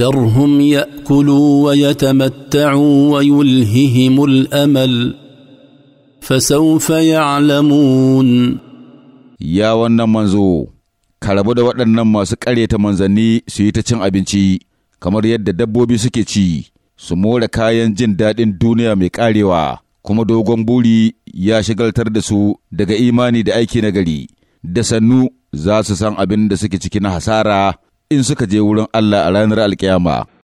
ذرهم ياكلوا ويتمتعوا ويلههم الامل فسوف يعلمون يا wannan manzo karabu da waɗannan masu ƙaryata manzanni su yi ta cin abinci kamar yadda dabbobi suke ci su more kayan jin daɗin duniya mai ƙarewa kuma dogon buri ya shigaltar da su daga imani da aiki nagari da sannu za su san abin da suke ciki na hasara in suka je wurin Allah a ranar alkiyama